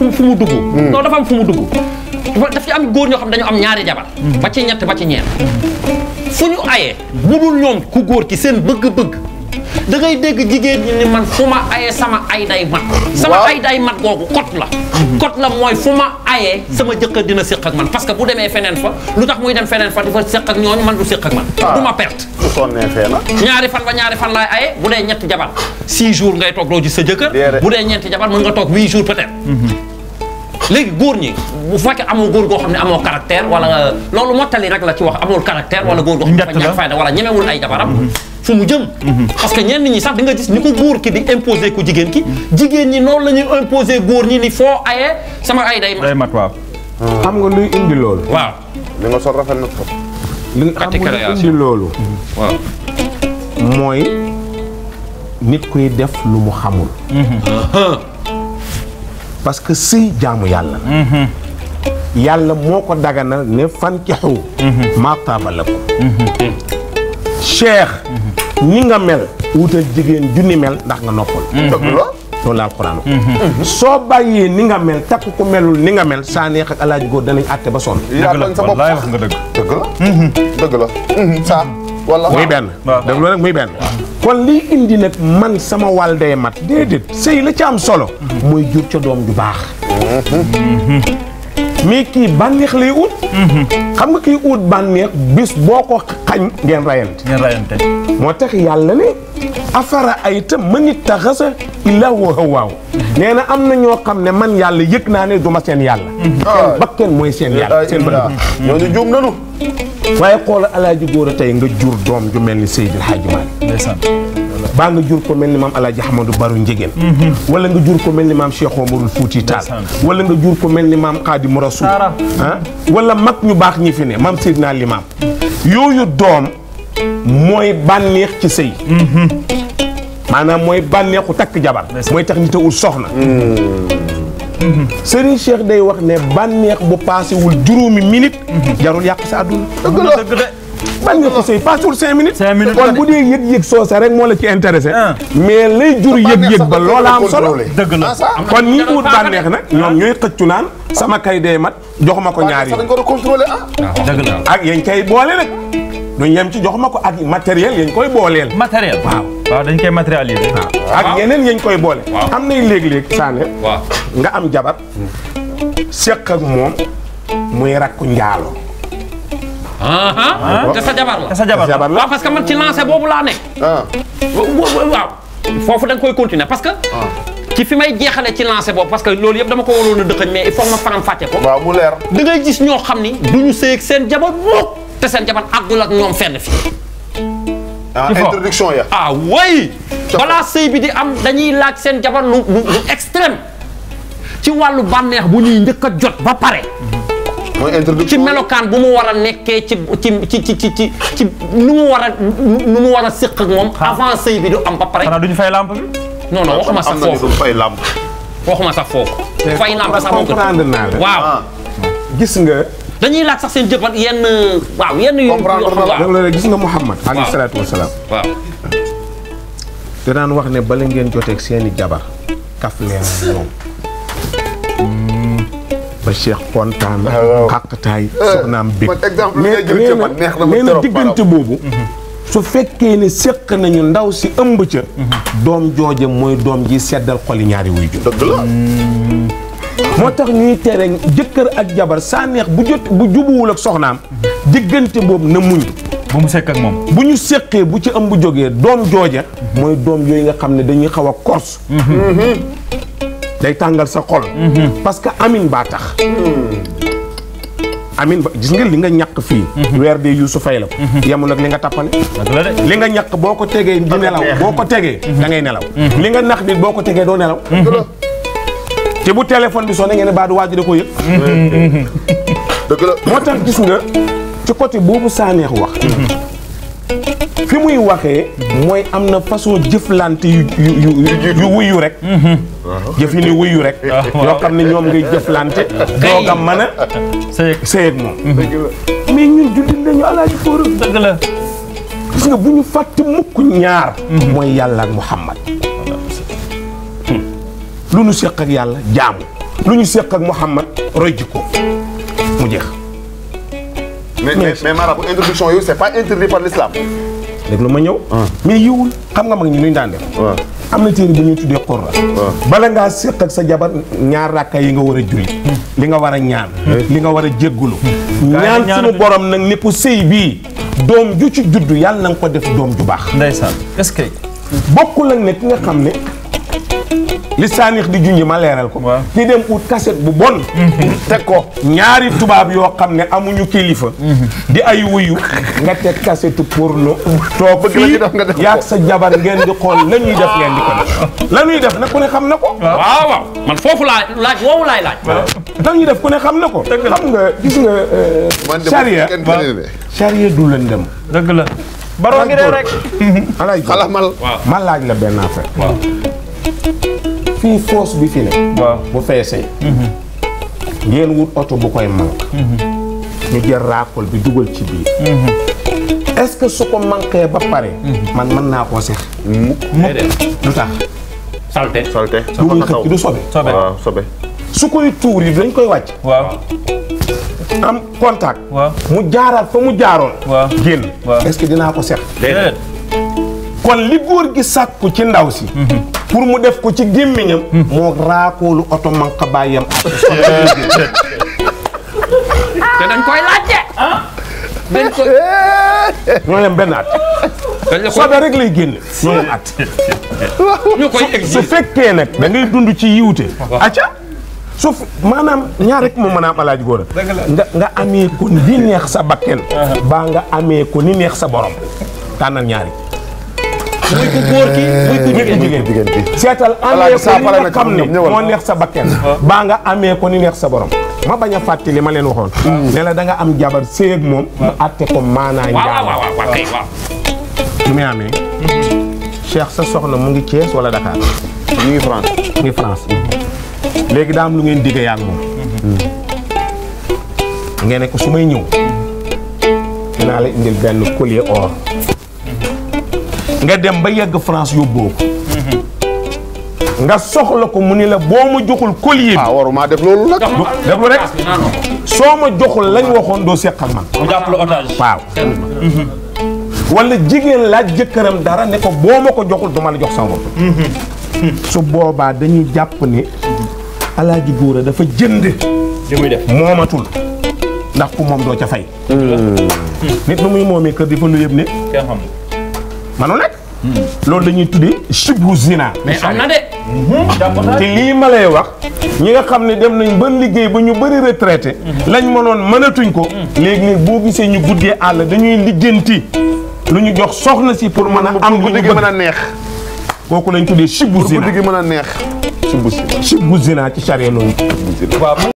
fu fu mu dugg hmm. non dafa am fu mu dugg dafa ci am góor ñoo xam dañu am ñaari jabar hmm. ba ci ñett ba ci ñeent fu ñu aye bu dul ñoom ku góor ki seen bëgg-bëgg da ngay dégg jigéen ñi man fu ma ayee sama ay day mat sama ay day mat googu kot la hmm. kot la mooy fu ma ayee sama jëkkër dina séq ak man parce que bu demee feneen fa lu tax muy dem feneen fa di fa séq ak man du séq ak man ah. du ma perte ñaari fan ba ñaari fan laay ayee bu dee ñetti jabar six jours ngay toog doo gis sa jëkkër bu dee ñeenti jabar mën nga toog huit jours léegi góor ñi bu fekkee amoo góor goo xam ne amoo caractère wala nga loolu mottali rek la ci wax amul caractère wala góor goo xam ne dafa ñàkk fayda wala ñemewul ay jabaram mhm. fu mu jëm mhm. parce que ñenn ñi sax di nga gis ni ko góor ki di imposé ku jigéen ki jigéen ñi noonu la ñuy imposé góor ñi ni foo ayee sama ay day mat waaw xam nga luy indi loolu waaw li nga sol rafet na ko li xam nga luy indi loolu waaw mooy nit kuy def lu mu xamul mhm. parce que sëy jaamu yàlla la mm-hmm. yàlla moo ko daganal ne fankixu mm-hmm. maa taaba lakum mm-hmm. cheikh ni nga mel wutal jigéen junni mel ndax nga noppal dëgg la loolu la alxuraan soo bàyyee ni nga mel takk ku melul ni nga mel saa neex ak alaaji góor danañ àtte ba sonn yaa dëgg la dëgg la saa wala muy benn dëgg la muy benn kon liy indi nag man sama wàll day mat déedéet sëy la ci am solo mooy jur ca doom ju baax mais kii bànneex lay ut xam nga kii ut bànneex bis boo ko xañ ngeen rayante ngeen rayante moo tax yàlla ne afara ay ta man ittaxasa ilaahu hawaaw nee na am na ñoo xam ne man yàlla yëg naa ne duma seen yàlla ah. seen bakken mooy seen yàlla seen bë ñooñu waaye xoolal alaaji góor a tey nga jur doom ju mel ni Seydil Hadji Malick ndeysaan baa nga jur ko mel ni maam alaaji Ahmadou Barou Ndiéguène mhm. wala nga jur ko mel ni maam Cheikh Omarul Fouti Tall wala nga jur ko mel ni maam Xaadimu Rasuul ah wala mag ñu baax ñi fi ne maam Seydina Limaam yooyu doom mooy bànneex ci sëy mhm. maanaam mooy bànneexu takk jabar mooy tax nit a ut soxna mhm. Serigne Cheikh day wax ne bànneex bu paasewul juróomi minute. jarul yàq sa àdduna. dëgg la dëgg de. ban nga ko sëy passul cinq minutes kon bu dee yëg-yëg soose rek moo la ci intéressé ah. mais lay jur yëg-yëg ba loola am solo dëgg la ah, kon ñi wut bànneex nag ñoom ñooy xëccu naan sama kay dee mat jox ma ko ñaar yi ah. dëgg la ak yañ kay boole rek duñ yem ci jox ma ko ak matériel yañ koy booleel matériel waaw dañ koy matérialiser. Ah. Ah. ak yeneen yañ koy boole. am nay léeg-léeg saane. nga am jabar. seq ak moom muy rakku njaalo. Ah. te sa jabar la te sa jabar la waaw parce que man ci lancé boobu laa ne. waaw foofu da nga koy continuer parce que. ci fi may jeexale ci lancé boobu parce que loolu yëpp dama ko waroon a dëxëñ mais il faut ma faram fàcce ko. waaw leer da ngay gis ñoo xam ni. du ñu sëy ak seen jabar mukk te seen jabar àggul ak ñoom fenn fii. ah introduction ya ah way balaa sëy bi di am dañuy laaj seen jabar lu lu extrême ci wàllu bànneex bu ñuy njëkk a jot ba pare. mooy introduction ci melokaan bu mu war a nekkee ci ci ci ci ci ci nu mu war a nu mu war a séq ak moom. Ah. avant sëy bi du am ba pare. xanaa duñu fay lampe bi. non non waxuma sax foofu fay lamp waxuma sax foofu. fay lamp sax moo gën waaw ah. gis nga. dañuy laaj sax seen jëf ak yenn waaw yenn yu. comprendre la gis nga Mouhamad. waaw alayhi salaatu wa salaam. waaw. te daan wax ne bala ngeen joteeg seeni jabar kaf leen ñoom. Mm. ba Cheikh kontaan. Ah, waaw xàqtaay eh, soxnaam bég. mais diggante boobu. Mhm. su fekkee ne séq nañu ndaw si ëmb ca. Mhm. doom jooje mooy doom ji seddal xoli ñaari wuy moo tax ñuy tere jëkkër ak jabar saa neex bu bu jubuwul ak soxnaam diggante boobu na muñ bu mu sekk ak moom bu ñu seqee bu ci am bu jógee doom jooja mooy doom yooyu nga xam ne dañuy xaw a kors mm-hmm. day tàngal sa xol mm-hmm. parce que amin baa tax mm-hmm. amin ba gis nga li nga ñàkk fii weer dee su fay la ko yemul ak li nga tappale li nga ñàkk boo ko tegee di nelaw boo ko tegee da ngay nelaw li nga nax nit boo ko tegee doo nelaw te bu téléphone bi sonné ngeen ne baadu waaj da ko yëg. moo tax gis nga ci côté boobu Sanex wax. fi muy waxee. mooy am na façon jëflante yu yu yu yu wuyu rek. Uh-huh. jëf yu ni rek. Ah, yoo xam ne ñoom ngay jëflante. doog a mën a. sëyeeg sëyeeg moom. mais ñun jullit lañu alaaji fóoram. dëgg la. gis nga bu ñu fàtte mukk ñaar. Mm-hmm. mooy yàlla Muhammad. lu ñu seq ak yàlla jaamu lu ñu seq ak Muhammad roy jikko mu jeex. mais mais mais marabu introduction yooyu c'est pas interdit par l'islam. lu ma ñëw. Ah. mais yiwul xam nga mag ñi nuñ daan def. Ah. am na téere bu ñuy tuddee xorra ah. bala ngaa seq ak sa jabar ñaar rakka yi nga war a julli hmm. li nga war a ñaan hmm. li nga war a jéggulu hmm. ñaan suñu borom nag ne ko sëy bii doom ju ci juddu yàlla nag ko def doom ju baax ndeysaan bokkul ak ne nga xam ne li saanix di junj ma leeral ko. di dem ut kaset bu bon. Mhm. teg ko ñaari tubaab yoo xam ne amuñu kilifa. Mhm. di ay wuyu nga teg kasetu porno. toog fii yaag sa jabar ngeen di xool la ñuy def ngeen ko la ñuy def nag ku ne xam na ko. waaw waaw man foofu laa laaj la ñuy def ku ne xam na ko. xam nga de euh, charia charia du lëndëm. dëgg la. baroo ngi rek. alaaj ma laaj la benn affaire. fii force bi fi ne. waaw bu feesee. ngeen wut oto bu koy manque. ñu jël raakol bi dugal ci biir. est-ce que su ko manqué ba pare. man mën naa koo sex. mu lu tax. salte salte su koy tuur yi dañ koy wàcc. waaw. am contact. mu jaaral fa mu jaaroon. waaw génn. est-ce que dinaa ko sex. déedéet kon li góor gi sàkku ci ndaw si. Mhm. pour mu def ko ci gémmiñam hmm. moo raakoolu oto manka bàyyam te dañ koy laajte ah. dañ koy benn at sobe rek lay génn ñoo yem fekkee nag da ngay dund ci yiwte acca suuf maanaam ñaar rek moo mën a am alaaj nga amee ko ni neex sa bakken baa nga amee ko ni neex sa borom tànnal ñaari muy ku góor ki muy ku jigéen jigéen bi seetal amee ko li nga xam ne moo neex sa bakken baa nga amee ko sa borom ma bañ a fàtte li ma leen waxoon hmm. ne la am jabar séeg moom mu atte ko maanaa njaam muy amee hmm. Cheikh sa soxna mu ngi Thiès wala Dakar mu France mu France léegi daa am lu ngeen digge yaa moom hmm. ngeen ne su may ñëw la indil benn collier or nga dem ba yegg France yóbboo ko. nga soxla ko mu ni la boo ma joxul collier bi. Ah, waruma def loolu nag. def lu rek soo ma joxul lañ waxoon doo seq ak man. mu jàpp la waaw. Mhm. wala jigéen laaj jëkkëram dara ne ko boo ma ko joxul du la jox sama bopp. Mhm. Mhm. su boobaa dañuy jàpp ne góor góora dafa jënd. li moomatul. ndax ku moom doo ca fay. nit nu muy moomee kër di fa lu yëpp ne. manu nekk. loolu lañuy tuddee chibbu zina. mais am na de. Mhm. te lii ma lay wax. ñi nga xam ne dem nañ ba liggéey ba ñu bëri retraité. Mhm. lañ mënoon mënatuñ ko. Mhm. léegi-léeg boo gisee ñu guddee àll dañuy lijjanti. lu ñu jox soxna si pour mën a. am lu ñu mën a neex. kooku lañ tuddee chibbu zina pour guddi gi mën a neex. chibbu zina ci charia